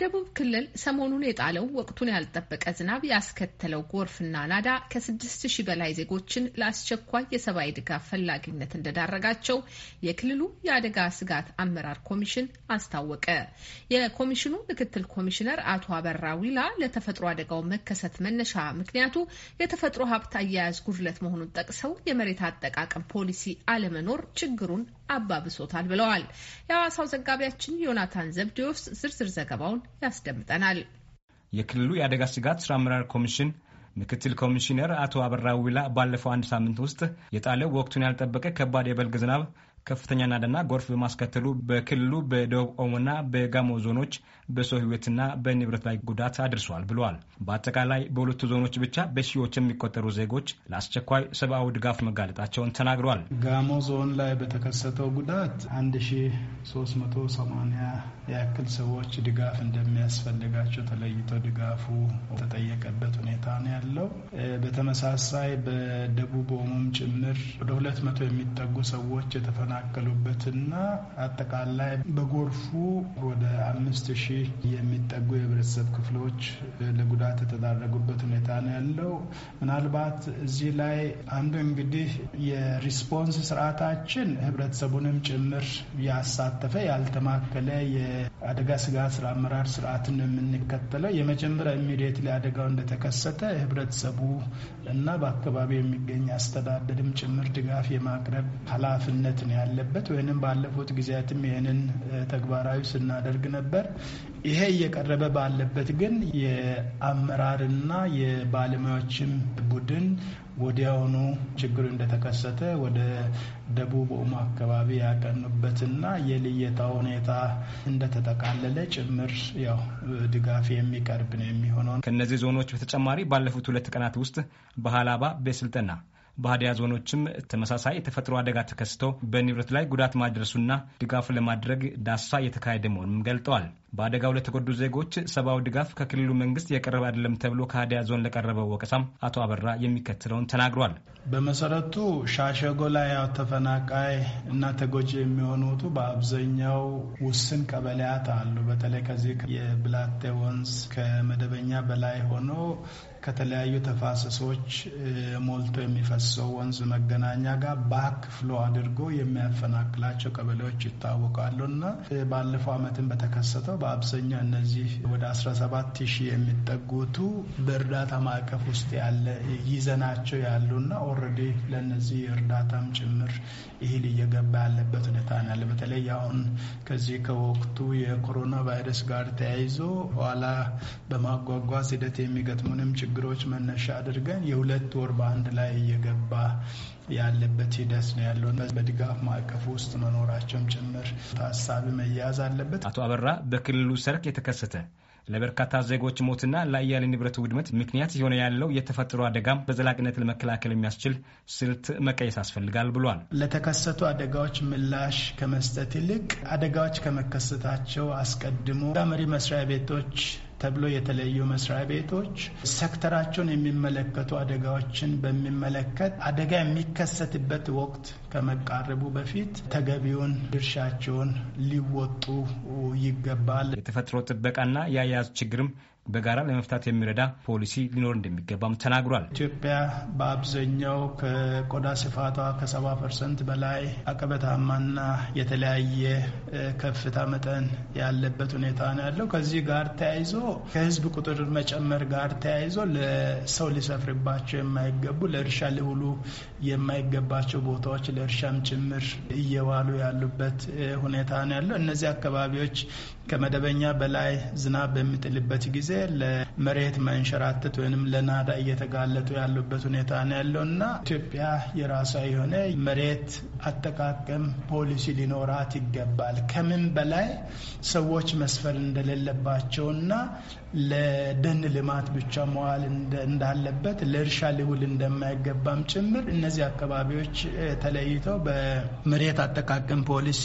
በደቡብ ክልል ሰሞኑን የጣለው ወቅቱን ያልጠበቀ ዝናብ ያስከተለው ጎርፍና ናዳ ከ6000 በላይ ዜጎችን ለአስቸኳይ የሰብአዊ ድጋፍ ፈላጊነት እንደዳረጋቸው የክልሉ የአደጋ ስጋት አመራር ኮሚሽን አስታወቀ። የኮሚሽኑ ምክትል ኮሚሽነር አቶ አበራ ዊላ ለተፈጥሮ አደጋው መከሰት መነሻ ምክንያቱ የተፈጥሮ ሀብት አያያዝ ጉድለት መሆኑን ጠቅሰው የመሬት አጠቃቀም ፖሊሲ አለመኖር ችግሩን አባብሶታል ብለዋል። የሐዋሳው ዘጋቢያችን ዮናታን ዘብዴዎስ ዝርዝር ዘገባውን ያስደምጠናል። የክልሉ የአደጋ ስጋት ስራ አመራር ኮሚሽን ምክትል ኮሚሽነር አቶ አበራ ዊላ ባለፈው አንድ ሳምንት ውስጥ የጣለው ወቅቱን ያልጠበቀ ከባድ የበልግ ዝናብ ከፍተኛ ናዳና ጎርፍ በማስከተሉ በክልሉ በደቡብ ኦሞና በጋሞ ዞኖች በሰው ህይወትና በንብረት ላይ ጉዳት አድርሷል ብለዋል። በአጠቃላይ በሁለቱ ዞኖች ብቻ በሺዎች የሚቆጠሩ ዜጎች ለአስቸኳይ ሰብአዊ ድጋፍ መጋለጣቸውን ተናግሯል። ጋሞ ዞን ላይ በተከሰተው ጉዳት 1380 ያክል ሰዎች ድጋፍ እንደሚያስፈልጋቸው ተለይቶ ድጋፉ ተጠየቀበት ሁኔታ ነው ያለው። በተመሳሳይ በደቡብ ኦሞም ጭምር ወደ 200 የሚጠጉ ሰዎች የተፈ የተፈናቀሉበትና አጠቃላይ በጎርፉ ወደ አምስት ሺህ የሚጠጉ የህብረተሰብ ክፍሎች ለጉዳት የተዳረጉበት ሁኔታ ነው ያለው። ምናልባት እዚህ ላይ አንዱ እንግዲህ የሪስፖንስ ስርዓታችን ህብረተሰቡንም ጭምር ያሳተፈ ያልተማከለ የአደጋ ስጋት ስራ አመራር ስርዓትን የምንከተለው የመጀመሪያ ኢሚዲየት ላይ አደጋው እንደተከሰተ ህብረተሰቡ እና በአካባቢው የሚገኝ አስተዳደርም ጭምር ድጋፍ የማቅረብ ኃላፊነት ነው ያለበት ወይንም ባለፉት ጊዜያትም ይህንን ተግባራዊ ስናደርግ ነበር። ይሄ እየቀረበ ባለበት ግን የአመራርና የባለሙያዎችም ቡድን ወዲያውኑ ችግሩ እንደተከሰተ ወደ ደቡብ ኦሞ አካባቢ ያቀኑበትና የልየታ ሁኔታ እንደተጠቃለለ ጭምር ያው ድጋፍ የሚቀርብ ነው የሚሆነው። ከእነዚህ ዞኖች በተጨማሪ ባለፉት ሁለት ቀናት ውስጥ በሀላባ በስልጠና በሀዲያ ዞኖችም ተመሳሳይ የተፈጥሮ አደጋ ተከስቶ በንብረት ላይ ጉዳት ማድረሱና ድጋፍ ለማድረግ ዳሳ እየተካሄደ መሆኑም ገልጠዋል። በአደጋው ለተጎዱ ዜጎች ሰብአዊ ድጋፍ ከክልሉ መንግስት የቀረበ አይደለም ተብሎ ከሀዲያ ዞን ለቀረበው ወቀሳም አቶ አበራ የሚከተለውን ተናግሯል። በመሰረቱ ሻሸጎ ላይ ያው ተፈናቃይ እና ተጎጂ የሚሆኑቱ በአብዛኛው ውስን ቀበሌያት አሉ። በተለይ ከዚህ የብላቴ ወንዝ ከመደበኛ በላይ ሆኖ ከተለያዩ ተፋሰሶች ሞልቶ የሚፈሰው ወንዝ መገናኛ ጋር ባክ ፍሎ አድርጎ የሚያፈናቅላቸው ቀበሌዎች ይታወቃሉ እና ባለፈው ዓመትን በተከሰተው በአብዛኛ እነዚህ ወደ 17 ሺህ የሚጠጉቱ በእርዳታ ማዕቀፍ ውስጥ ያለ ይዘናቸው ያሉና ኦልሬዲ ለእነዚህ እርዳታም ጭምር እህል እየገባ ያለበት ሁኔታ ያለ። በተለይ አሁን ከዚህ ከወቅቱ የኮሮና ቫይረስ ጋር ተያይዞ ኋላ በማጓጓዝ ሂደት የሚገጥሙንም ችግሮች መነሻ አድርገን የሁለት ወር በአንድ ላይ እየገባ ያለበት ሂደት ነው ያለው። በድጋፍ ማዕቀፍ ውስጥ መኖራቸውም ጭምር ታሳቢ መያዝ አለበት። አቶ አበራ በክልሉ ሰርክ የተከሰተ ለበርካታ ዜጎች ሞትና ለአያሌ ንብረት ውድመት ምክንያት የሆነ ያለው የተፈጥሮ አደጋም በዘላቂነት ለመከላከል የሚያስችል ስልት መቀየስ አስፈልጋል ብሏል። ለተከሰቱ አደጋዎች ምላሽ ከመስጠት ይልቅ አደጋዎች ከመከሰታቸው አስቀድሞ መሪ መስሪያ ቤቶች ተብሎ የተለዩ መስሪያ ቤቶች ሴክተራቸውን የሚመለከቱ አደጋዎችን በሚመለከት አደጋ የሚከሰትበት ወቅት ከመቃረቡ በፊት ተገቢውን ድርሻቸውን ሊወጡ ይገባል። የተፈጥሮ ጥበቃና የአያያዝ ችግርም በጋራ ለመፍታት የሚረዳ ፖሊሲ ሊኖር እንደሚገባም ተናግሯል። ኢትዮጵያ በአብዛኛው ከቆዳ ስፋቷ ከሰባ ፐርሰንት በላይ አቀበታማና የተለያየ ከፍታ መጠን ያለበት ሁኔታ ነው ያለው። ከዚህ ጋር ተያይዞ ከህዝብ ቁጥር መጨመር ጋር ተያይዞ ለሰው ሊሰፍርባቸው የማይገቡ ለእርሻ ሊውሉ የማይገባቸው ቦታዎች ለእርሻም ጭምር እየዋሉ ያሉበት ሁኔታ ነው ያለው። እነዚህ አካባቢዎች ከመደበኛ በላይ ዝናብ በሚጥልበት ጊዜ ለመሬት መንሸራተት ወይም ለናዳ እየተጋለጡ ያሉበት ሁኔታ ነው ያለው እና ኢትዮጵያ የራሷ የሆነ መሬት አጠቃቀም ፖሊሲ ሊኖራት ይገባል። ከምን በላይ ሰዎች መስፈር እንደሌለባቸው እና ለደን ልማት ብቻ መዋል እንዳለበት ለእርሻ ሊውል እንደማይገባም ጭምር እነዚህ አካባቢዎች ተለይተው በመሬት አጠቃቀም ፖሊሲ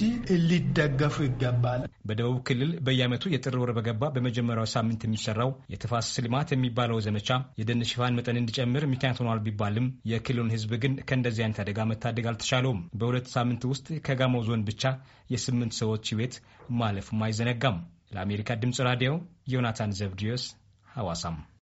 ሊደገፉ ይገባል። በደቡብ ክልል በየዓመቱ የጥር ወር በገባ በመጀመሪያው ሳምንት የሚሰራው የተፋሰስ ልማት የሚባለው ዘመቻ የደን ሽፋን መጠን እንዲጨምር ምክንያት ሆኗል ቢባልም የክልሉን ሕዝብ ግን ከእንደዚህ አይነት አደጋ መታደግ አልተቻለውም። በሁለት ሳምንት ውስጥ ከጋሞ ዞን ብቻ የስምንት ሰዎች ሕይወት ማለፍም አይዘነጋም። ለአሜሪካ ድምፅ ራዲዮ ዮናታን ዘብድዮስ ሐዋሳም